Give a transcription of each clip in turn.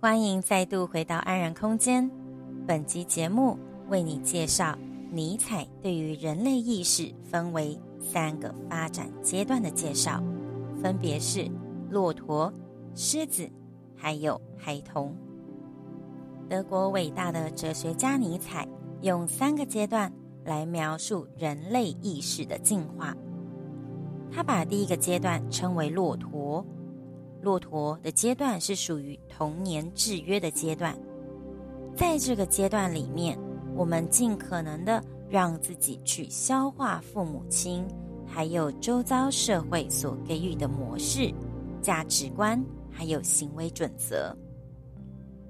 歡迎再度回到安然空間。本集節目為你介紹尼采對於人類意識分為三個發展階段的介紹，分別是駱駝、獅子，還有孩童。德國偉大的哲學家尼采用三個階段來描述人類意識的進化。他把第一個階段稱為駱駝。駱駝的階段是屬於童年制約的階段，在這個階段裡面，我們盡可能的讓自己去消化父母親還有周遭社會所給予的模式、價值觀還有行為準則。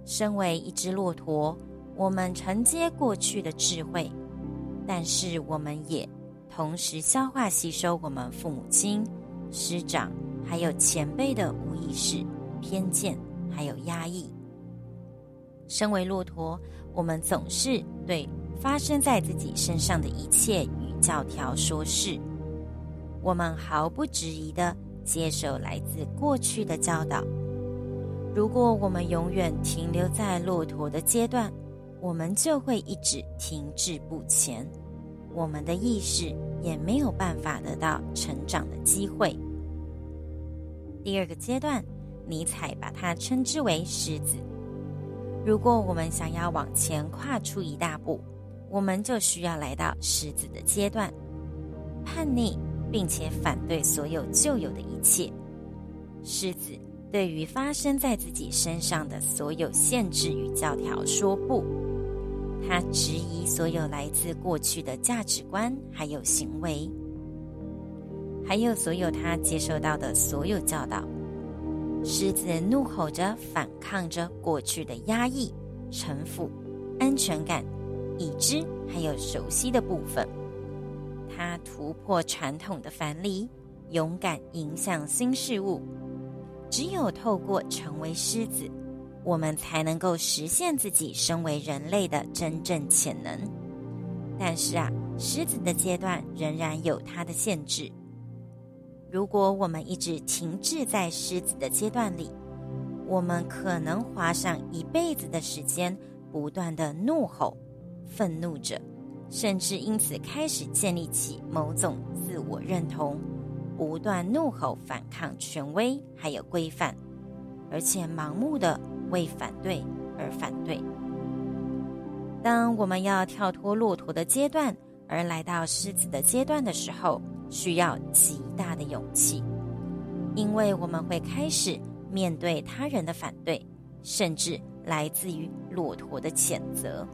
身為一只駱駝，我們承接過去的智慧，但是我們也同時消化吸收我們父母親、師長還有前輩的。意識、偏見還有壓抑。身為駱駝，我們總是對發生在自己身上的一切與教條說事，我們毫不遲疑的接受來自過去的教導。如果我們永遠停留在駱駝的階段，我們就會一直停滯不前，我們的意識也沒有辦法得到成長的機會。第二個階段，尼采把它稱之為獅子。如果我們想要往前跨出一大步，我們就需要來到獅子的階段，叛逆並且反對所有舊有的一切。獅子對於發生在自己身上的所有限制與教條說不，他質疑所有來自過去的價值觀還有行為。還有所有他接受到的所有教導。獅子怒吼着，反抗着過去的壓抑、臣服、安全感、已知還有熟悉的部分。它突破傳統的藩籬，勇敢迎向新事物。只有透過成為獅子，我們才能夠實現自己身為人類的真正潛能。但是啊，獅子的階段仍然有它的限制。如果我們一直停滯在獅子的階段裡，我們可能花上一輩子的時間不斷的怒吼、憤怒着，甚至因此開始建立起某種自我認同，不斷怒吼、反抗權威，還有規範，而且盲目的為反對而反對。當我們要跳脫駱駝的階段，而來到獅子的階段的時候，需要極大的勇氣，因為我們會開始面對他人的反對，甚至來自於駱駝的譴責。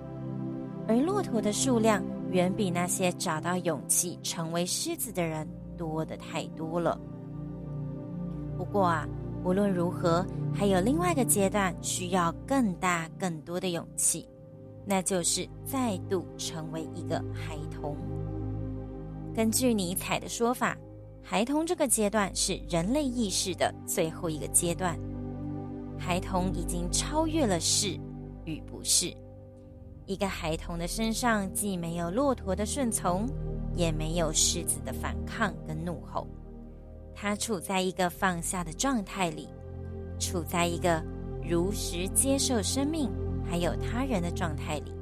而駱駝的數量遠比那些找到勇氣成為獅子的人多得太多了。不過啊，無論如何，還有另外一個階段需要更大、更多的勇氣，那就是再度成為一個孩童。根據尼采的說法，孩童這個階段是人類意識的最後一個階段。孩童已經超越了是與不是。一個孩童的身上既沒有駱駝的順從，也沒有獅子的反抗跟怒吼。他處在一個放下的狀態裡，處在一個如實接受生命還有他人的狀態裡。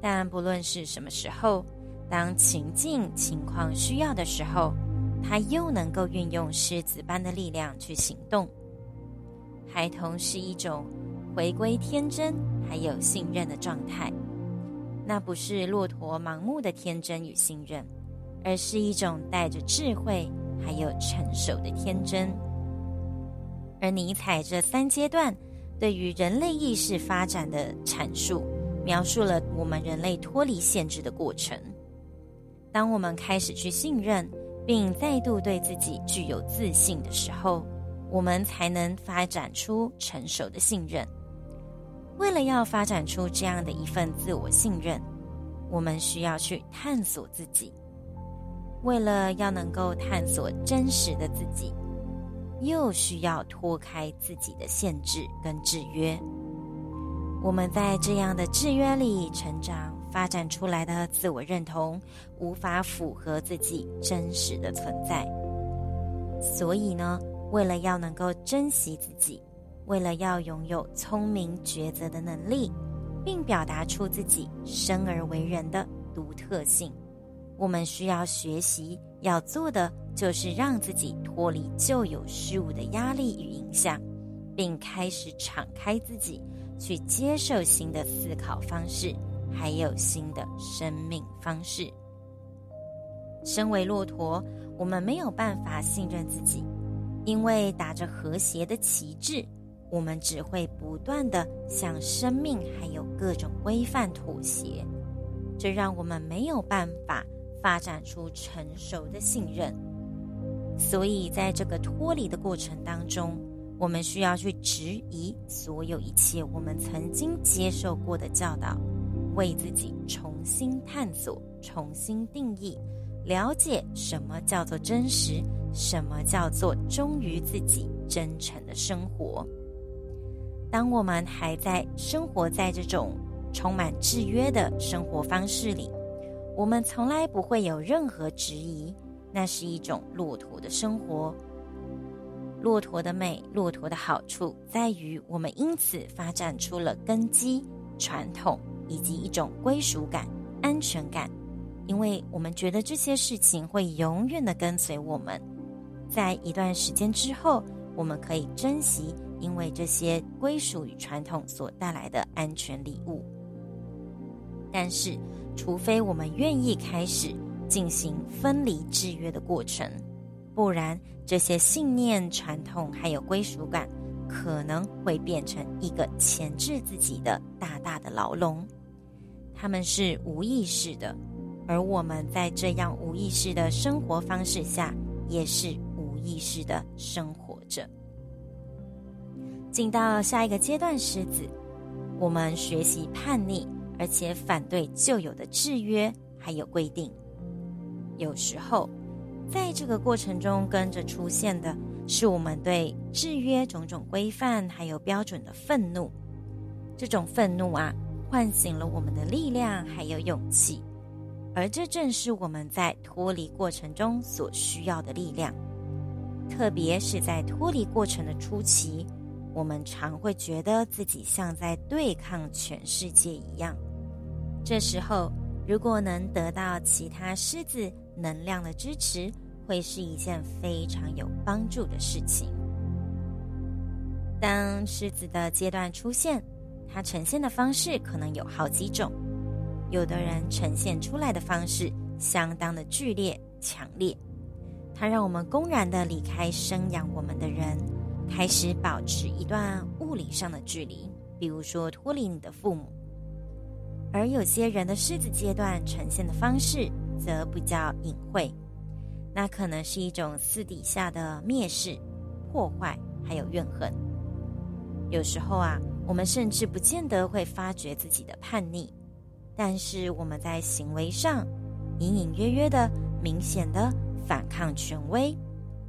但不論是什麼時候，當情境、情況需要的時候，他又能夠運用獅子般的力量去行動。孩童是一種回歸天真還有信任的狀態，那不是駱駝盲目的天真與信任，而是一種帶着智慧還有成熟的天真。而尼采這三階段對於人類意識發展的闡述，描述了我們人類脫離限制的過程。當我們開始去信任，並再度對自己具有自信的時候，我們才能發展出成熟的信任。為了要發展出這樣的一份自我信任，我們需要去探索自己。為了要能夠探索真實的自己，又需要脫開自己的限制跟制約。我們在這樣的制約裡成長。發展出來的自我認同無法符合自己真實的存在，所以呢，為了要能夠珍惜自己，為了要擁有聰明抉擇的能力，並表達出自己生而為人的獨特性，我們需要學習要做的就是讓自己脫離舊有事物的壓力與影響，並開始敞開自己，去接受新的思考方式。還有新的生命方式。身為駱駝，我們沒有辦法信任自己，因為打着和諧的旗幟，我們只會不斷地向生命還有各種規範妥協，這讓我們沒有辦法發展出成熟的信任。所以，在這個脫離的過程當中，我們需要去質疑所有一切我們曾經接受過的教導。為自己重新探索、重新定義，了解什麼叫做真實，什麼叫做忠於自己、真誠的生活。當我們還在生活在這種充滿制約的生活方式裡，我們從來不會有任何質疑。那是一種駱駝的生活。駱駝的美，駱駝的好處在於，我們因此發展出了根基、傳統。以及一種歸屬感、安全感，因為我們覺得這些事情會永遠地跟隨我們，在一段時間之後，我們可以珍惜因為這些歸屬與傳統所帶來的安全禮物。但是，除非我們願意開始進行分離制約的過程，不然這些信念、傳統還有歸屬感，可能會變成一個鉗制自己的大大的牢籠。他們是無意識的，而我們在這樣無意識的生活方式下，也是無意識的生活着。進到下一個階段，獅子，我們學習叛逆，而且反對舊有的制約還有規定。有時候，在這個過程中跟着出現的是我們對制約種種規範還有標準的憤怒。這種憤怒啊。喚醒了我們的力量，還有勇氣，而這正是我們在脫離過程中所需要的力量。特別是在脫離過程的初期，我們常會覺得自己像在對抗全世界一樣。這時候，如果能得到其他獅子能量的支持，會是一件非常有幫助的事情。當獅子的階段出現。它呈現的方式可能有好幾種，有的人呈現出來的方式相當的劇烈、強烈，它讓我們公然的離開生養我們的人，開始保持一段物理上的距離，比如說脫離你的父母；而有些人的獅子階段呈現的方式則比較隱晦，那可能是一種私底下的蔑視、破壞還有怨恨，有時候啊。我們甚至不見得會發覺自己的叛逆，但是我們在行為上隱隱約約的、明顯的反抗權威，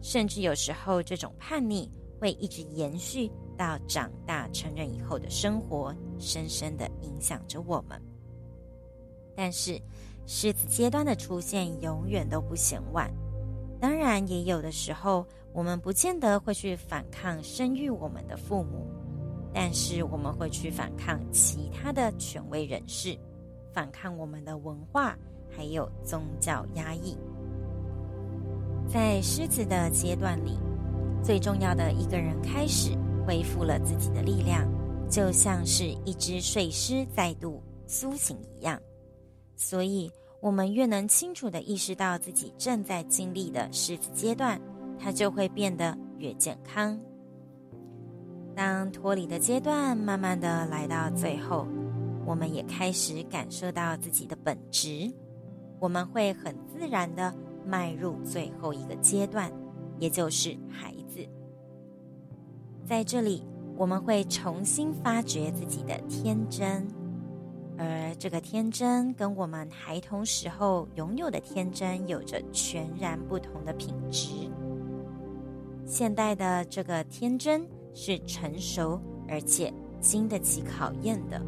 甚至有時候這種叛逆會一直延續到長大成人以後的生活，深深的影響着我們。但是獅子階段的出現永遠都不嫌晚。當然，也有的時候我們不見得會去反抗生育我們的父母。但是我們會去反抗其他的權威人士，反抗我們的文化，還有宗教壓抑。在獅子的階段裡，最重要的一個人開始恢復了自己的力量，就像是一隻睡獅再度蘇醒一樣。所以，我們越能清楚的意識到自己正在經歷的獅子階段，它就會變得越健康。當脫離的階段慢慢的來到最後，我們也開始感受到自己的本質，我們會很自然的邁入最後一個階段，也就是孩子。在這裡，我們會重新發掘自己的天真，而這個天真跟我們孩童時候擁有的天真有着全然不同的品質。現代的這個天真，是成熟而且經得起考驗的，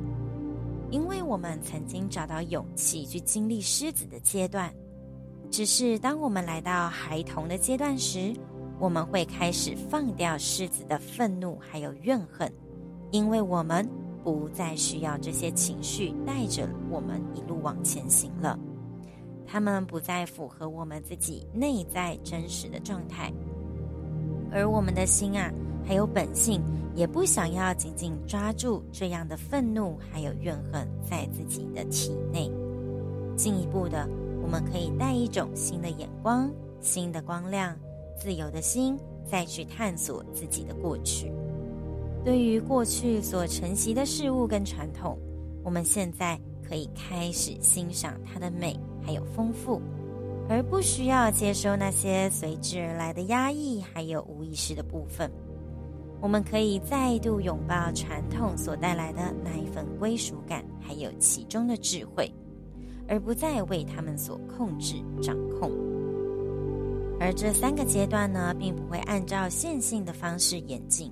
因為我們曾經找到勇氣去經歷獅子的階段。只是當我們來到孩童的階段時，我們會開始放掉獅子的憤怒還有怨恨，因為我們不再需要這些情緒帶着我們一路往前行了。他們不再符合我們自己內在真實的狀態，而我們的心啊。還有本性，也不想要緊緊抓住這樣的憤怒還有怨恨在自己的體內。進一步的，我們可以帶一種新的眼光、新的光亮、自由的心，再去探索自己的過去。對於過去所承襲的事物跟傳統，我們現在可以開始欣賞它的美還有豐富，而不需要接收那些隨之而來的壓抑還有無意識的部分。我們可以再度擁抱傳統所帶來的那一份歸屬感，還有其中的智慧，而不再為他們所控制、掌控。而這三個階段呢，並不會按照線性的方式演進。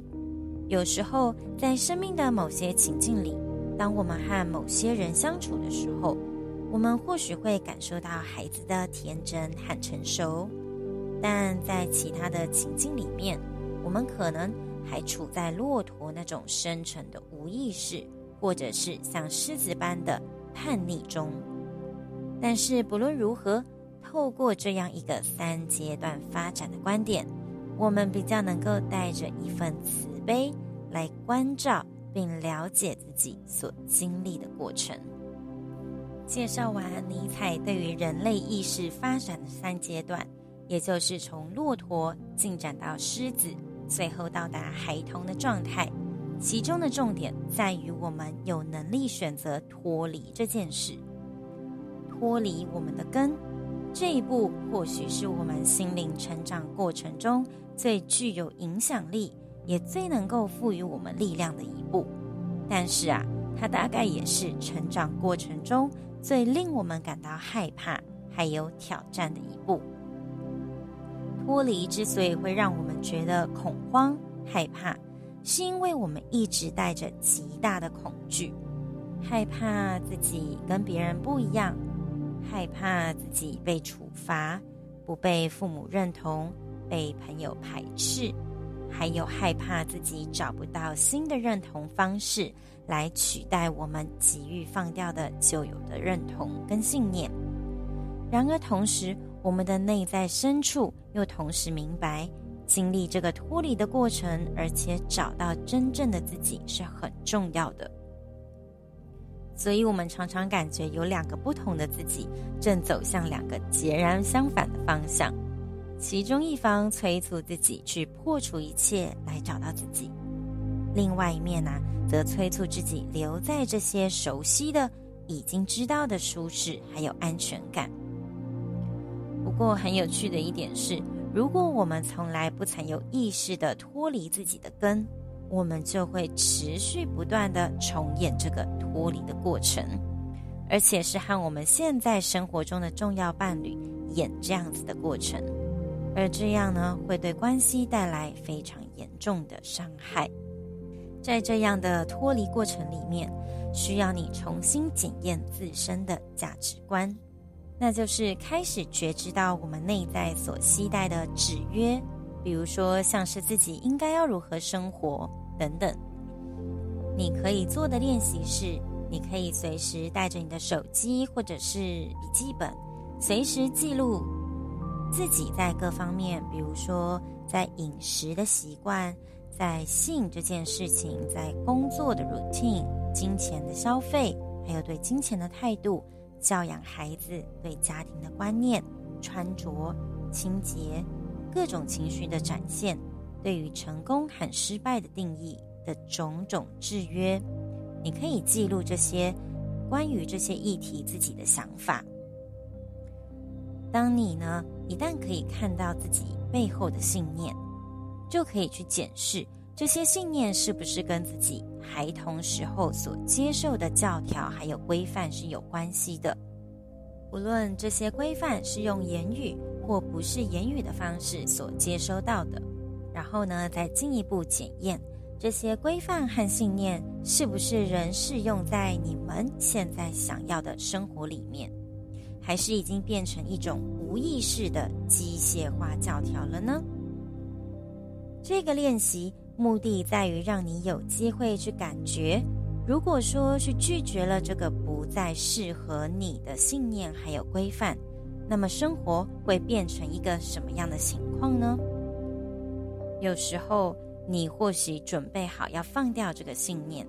有時候，在生命的某些情境裡，當我們和某些人相處的時候，我們或許會感受到孩子的天真和成熟；但在其他的情境裡面，我們可能……還處在駱駝那種深沉的無意識，或者是像獅子般的叛逆中。但是不論如何，透過這樣一個三階段發展的觀點，我們比較能夠帶着一份慈悲來關照並了解自己所經歷的過程。介紹完尼采對於人類意識發展的三階段，也就是從駱駝進展到獅子。最後到達孩童的狀態，其中的重點在於我們有能力選擇脫離這件事，脫離我們的根。這一步或許是我們心靈成長過程中最具有影響力，也最能夠賦予我們力量的一步。但是啊，它大概也是成長過程中最令我們感到害怕，還有挑戰的一步。剝離之所以會讓我們覺得恐慌、害怕，是因為我們一直帶着極大的恐懼，害怕自己跟別人不一樣，害怕自己被處罰、不被父母認同、被朋友排斥，還有害怕自己找不到新的認同方式來取代我們急於放掉的舊有的認同跟信念。然而，同時，我們的內在深處又同時明白，經歷這個脫離的過程，而且找到真正的自己是很重要的。所以，我們常常感覺有兩個不同的自己，正走向兩個截然相反的方向。其中一方催促自己去破除一切，來找到自己；另外一面呢、啊，則催促自己留在這些熟悉的、已經知道的舒適還有安全感。不過很有趣的一點是，如果我們從來不曾有意識的脫離自己的根，我們就會持續不斷的重演這個脫離的過程，而且是和我們現在生活中的重要伴侶演這樣子的過程，而這樣呢，會對關係帶來非常嚴重的傷害。在這樣的脫離過程裡面，需要你重新檢驗自身的價值觀。那就是開始覺知到我們內在所期待的制約，比如說像是自己應該要如何生活等等。你可以做的練習是，你可以隨時帶着你的手機或者是筆記本，隨時記錄自己在各方面，比如說在飲食的習慣、在性這件事情、在工作的 routine、金錢的消費，還有對金錢的態度。教養孩子、對家庭的觀念、穿着、清潔、各種情緒的展現、對於成功和失敗的定義的種種制約，你可以記錄這些關於這些議題自己的想法。當你呢，一旦可以看到自己背後的信念，就可以去檢視這些信念是不是跟自己。孩童時候所接受的教條還有規範是有關係的，無論這些規範是用言語或不是言語的方式所接收到的，然後呢，再進一步檢驗這些規範和信念是不是仍適用在你們現在想要的生活裡面，還是已經變成一種無意識的機械化教條了呢？這個練習。目的在於讓你有機會去感覺，如果說是拒絕了這個不再適合你的信念還有規範，那麼生活會變成一個什麼樣的情況呢？有時候你或許準備好要放掉這個信念，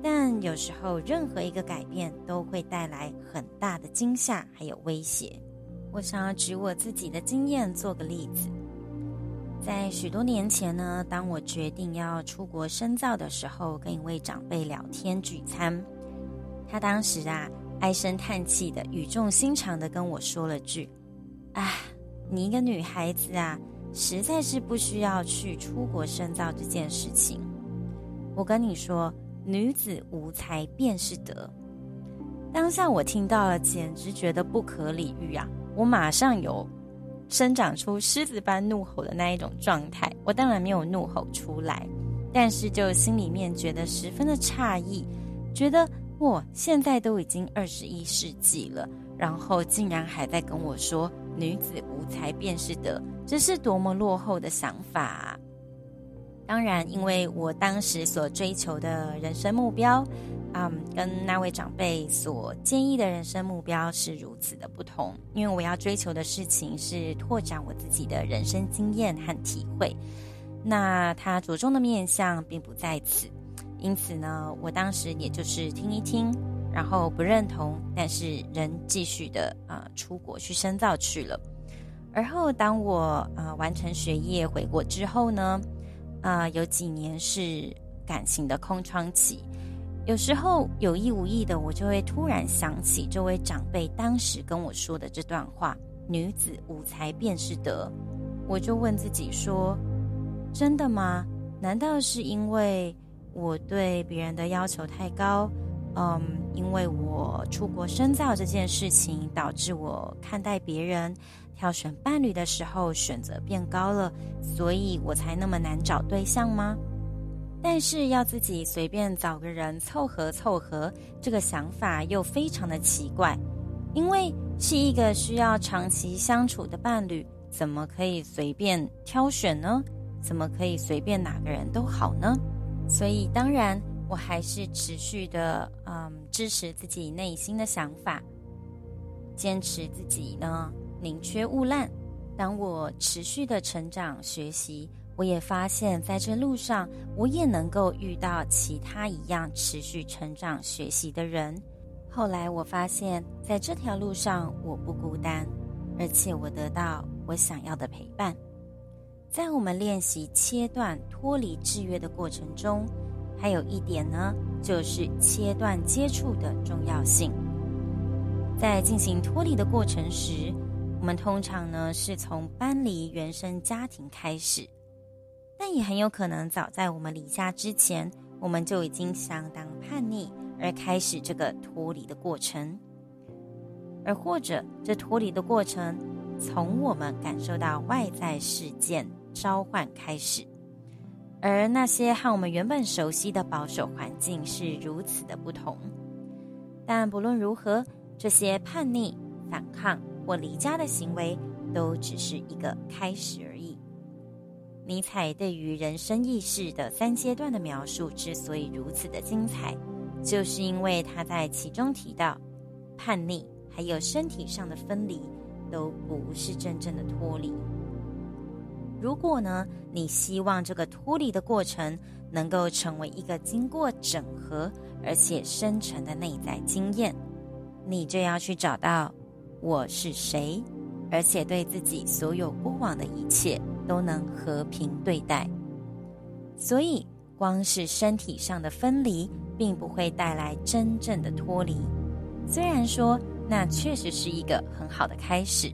但有時候任何一個改變都會帶來很大的驚嚇還有威脅。我想要舉我自己的經驗做個例子。在許多年前呢，當我決定要出國深造的時候，跟一位長輩聊天聚餐，他當時啊唉聲嘆氣的，語重心長的跟我說了句：“啊，你一個女孩子啊，實在是不需要去出國深造這件事情。”我跟你說，女子無才便是德。當下我聽到了，簡直覺得不可理喻啊！我馬上有。生長出獅子般怒吼的那一種狀態，我當然沒有怒吼出來，但是就心裡面覺得十分的詫異，覺得我現在都已經二十一世紀了，然後竟然還在跟我說女子無才便是德，這是多麼落後的想法啊。當然，因為我當時所追求的人生目標，嗯，跟那位長輩所建議的人生目標是如此的不同。因為我要追求的事情是拓展我自己的人生經驗和體會，那他着重的面向並不在此。因此呢，我當時也就是聽一聽，然後不認同，但是仍繼續的啊、呃、出國去深造去了。而後，當我啊、呃、完成學業回國之後呢，啊、呃，有幾年是感情的空窗期，有時候有意無意的，我就會突然想起這位長輩當時跟我說的這段話：“女子無才便是德。”我就問自己說：“真的嗎？難道是因為我對別人的要求太高？嗯，因為我出國深造這件事情，導致我看待別人。”挑選伴侶的時候，選擇變高了，所以我才那麼難找對象嗎？但是要自己隨便找個人湊合湊合，這個想法又非常的奇怪，因為是一個需要長期相處的伴侶，怎麼可以隨便挑選呢？怎麼可以隨便哪個人都好呢？所以當然，我還是持續的，嗯，支持自己內心的想法，堅持自己呢。寧缺勿濫。當我持續的成長學習，我也發現在這路上，我也能夠遇到其他一樣持續成長學習的人。後來我發現，在這條路上我不孤單，而且我得到我想要的陪伴。在我們練習切斷脫離制約的過程中，還有一點呢，就是切斷接觸的重要性。在進行脫離的過程時，我們通常呢是從搬離原生家庭開始，但也很有可能早在我們離家之前，我們就已經相當叛逆，而開始這個脫離的過程。而或者，這脫離的過程從我們感受到外在事件召喚開始，而那些和我們原本熟悉的保守環境是如此的不同。但不論如何，這些叛逆、反抗，我離家的行為，都只是一個開始而已。尼采對於人生意識的三階段的描述之所以如此的精彩，就是因為他在其中提到，叛逆還有身體上的分離都不是真正的脫離。如果呢，你希望這個脫離的過程能夠成為一個經過整合而且深沉的內在經驗，你就要去找到。我是誰？而且對自己所有過往的一切都能和平對待。所以，光是身體上的分離，並不會帶來真正的脫離。雖然說，那確實是一個很好的開始。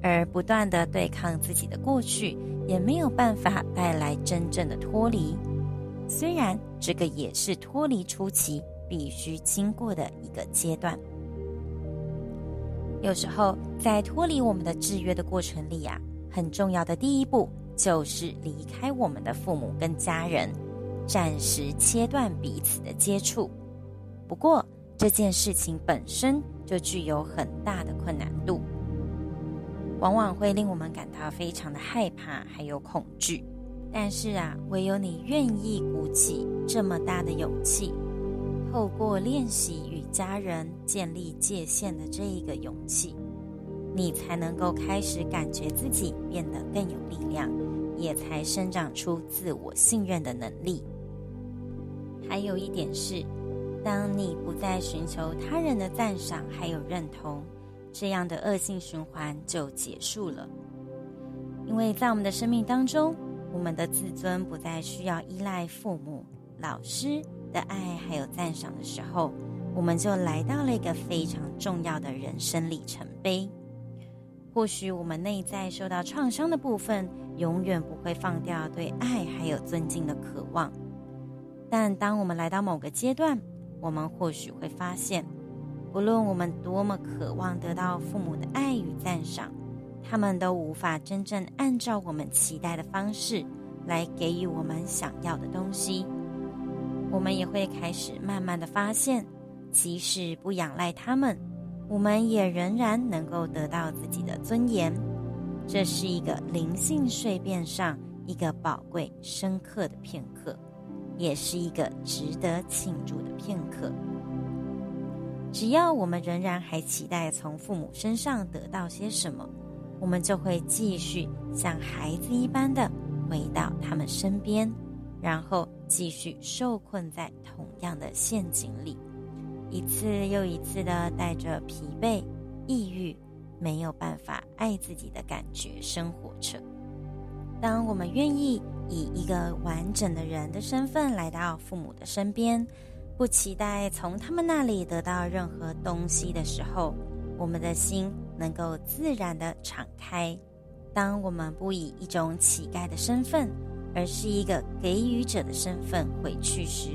而不斷的對抗自己的過去，也沒有辦法帶來真正的脫離。雖然這個也是脫離初期必須經過的一個階段。有時候，在脫離我們的制約的過程裡呀，很重要的第一步就是離開我們的父母跟家人，暫時切斷彼此的接觸。不過，這件事情本身就具有很大的困難度，往往會令我們感到非常的害怕還有恐懼。但是啊，唯有你願意鼓起這麼大的勇氣，透過練習。家人建立界限的這一個勇氣，你才能夠開始感覺自己變得更有力量，也才生長出自我信任的能力。還有一點是，當你不再尋求他人的讚賞還有認同，這樣的惡性循環就結束了。因為在我們的生命當中，我們的自尊不再需要依賴父母、老師的愛還有讚賞的時候，我們就來到了一個非常重要的人生里程碑。或許我們內在受到創傷的部分，永遠不會放掉對愛還有尊敬的渴望。但當我們來到某個階段，我們或許會發現，不論我們多麼渴望得到父母的愛與讚賞，他們都無法真正按照我們期待的方式來給予我們想要的東西。我們也會開始慢慢的發現。即使不仰賴他們，我們也仍然能夠得到自己的尊嚴。這是一個靈性蛻變上一個寶貴深刻的片刻，也是一個值得慶祝的片刻。只要我們仍然還期待從父母身上得到些什麼，我們就會繼續像孩子一般的回到他們身邊，然後繼續受困在同樣的陷阱裡。一次又一次的帶着疲憊、抑鬱，沒有辦法愛自己的感覺生活着。當我們願意以一個完整的人的身份來到父母的身邊，不期待從他們那裡得到任何東西的時候，我們的心能夠自然的敞開。當我們不以一種乞丐的身份，而是一個給予者的身份回去時，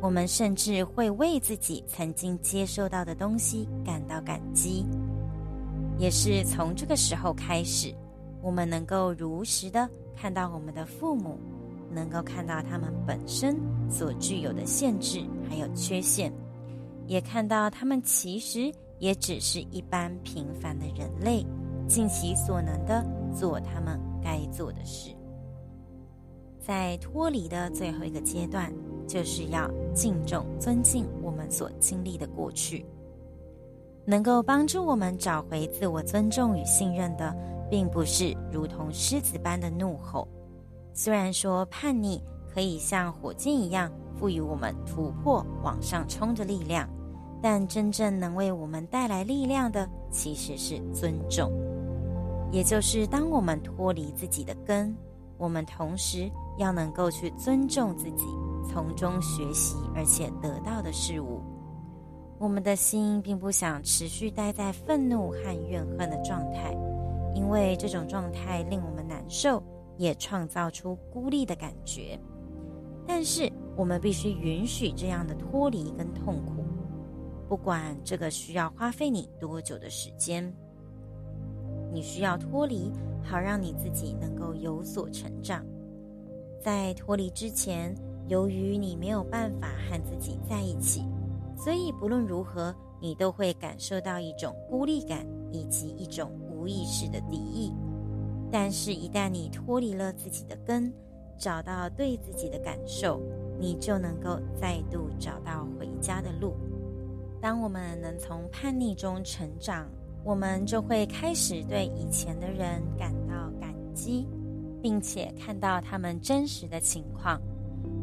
我們甚至會為自己曾經接受到的東西感到感激，也是從這個時候開始，我們能夠如實的看到我們的父母，能夠看到他們本身所具有的限制還有缺陷，也看到他們其實也只是一般平凡的人類，盡其所能的做他們該做的事，在脫離的最後一個階段。就是要敬重、尊敬我們所經歷的過去，能夠幫助我們找回自我尊重與信任的，並不是如同獅子般的怒吼。雖然說叛逆可以像火箭一樣賦予我們突破、往上衝的力量，但真正能為我們帶來力量的，其實是尊重。也就是當我們脫離自己的根，我們同時要能夠去尊重自己。從中學習而且得到的事物，我們的心並不想持續待在憤怒和怨恨的狀態，因為這種狀態令我們難受，也創造出孤立的感覺。但是我們必須允許這樣的脫離跟痛苦，不管這個需要花費你多久的時間，你需要脫離，好讓你自己能夠有所成長。在脫離之前。由於你沒有辦法和自己在一起，所以不論如何，你都會感受到一種孤立感以及一種無意識的敵意。但是，一旦你脫離了自己的根，找到對自己的感受，你就能夠再度找到回家的路。當我們能從叛逆中成長，我們就會開始對以前的人感到感激，並且看到他們真實的情況。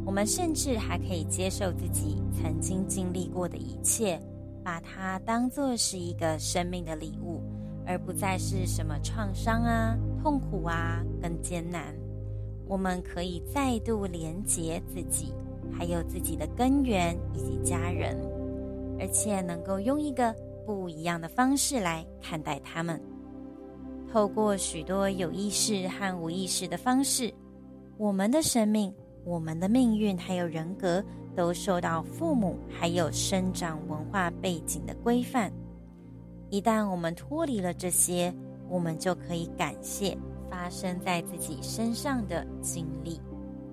我們甚至還可以接受自己曾經經歷過的一切，把它當做是一個生命的禮物，而不再是什麼創傷啊、痛苦啊、跟艱難。我們可以再度連接自己，還有自己的根源以及家人，而且能夠用一個不一樣的方式來看待他們。透過許多有意識和無意識的方式，我們的生命。我們的命運還有人格都受到父母還有生長文化背景的規範。一旦我們脫離了這些，我們就可以感謝發生在自己身上的經歷。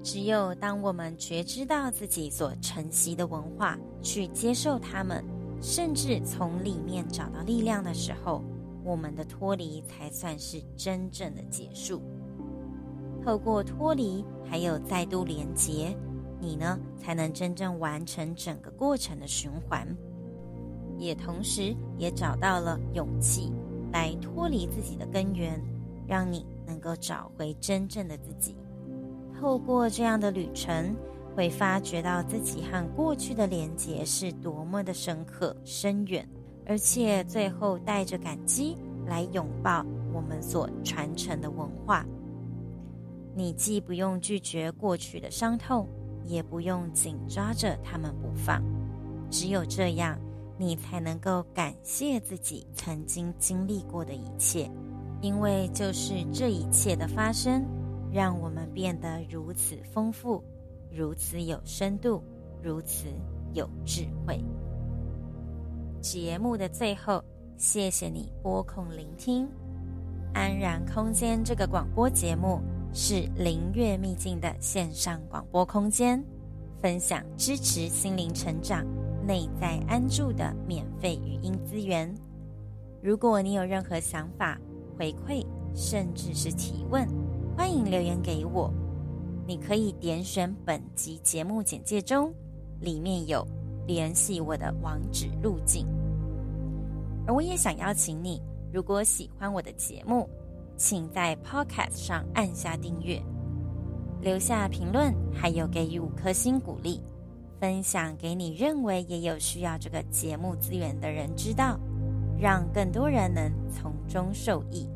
只有當我們覺知到自己所承襲的文化，去接受它們，甚至從裡面找到力量的時候，我們的脫離才算是真正的結束。透過脫離，還有再度連結，你呢才能真正完成整個過程的循環，也同時也找到了勇氣來脫離自己的根源，讓你能夠找回真正的自己。透過這樣的旅程，會發覺到自己和過去的連結是多麼的深刻、深遠，而且最後帶着感激來擁抱我們所傳承的文化。你既不用拒絕過去的傷痛，也不用緊抓着他們不放。只有這樣，你才能夠感謝自己曾經經歷過的一切，因為就是這一切的發生，讓我們變得如此豐富，如此有深度，如此有智慧。節目的最後，謝謝你撥空聆聽《安然空間》這個廣播節目。是靈悅秘境的線上廣播空間，分享支持心靈成長、內在安住的免費語音資源。如果你有任何想法、回饋，甚至是提問，歡迎留言給我。你可以點選本集節目簡介中，裡面有聯繫我的網址路徑。而我也想邀請你，如果喜歡我的節目。請在 Podcast 上按下訂閱，留下評論，還有給予五顆星鼓勵，分享給你認為也有需要這個節目資源的人知道，讓更多人能從中受益。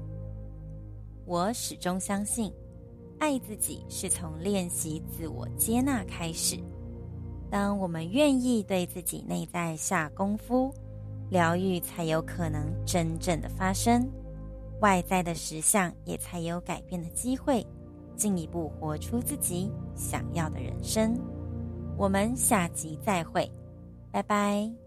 我始終相信，愛自己是從練習自我接納開始。當我們願意對自己內在下功夫，療癒才有可能真正的發生。外在的實相也才有改變的機會，進一步活出自己想要的人生。我們下集再會，拜拜。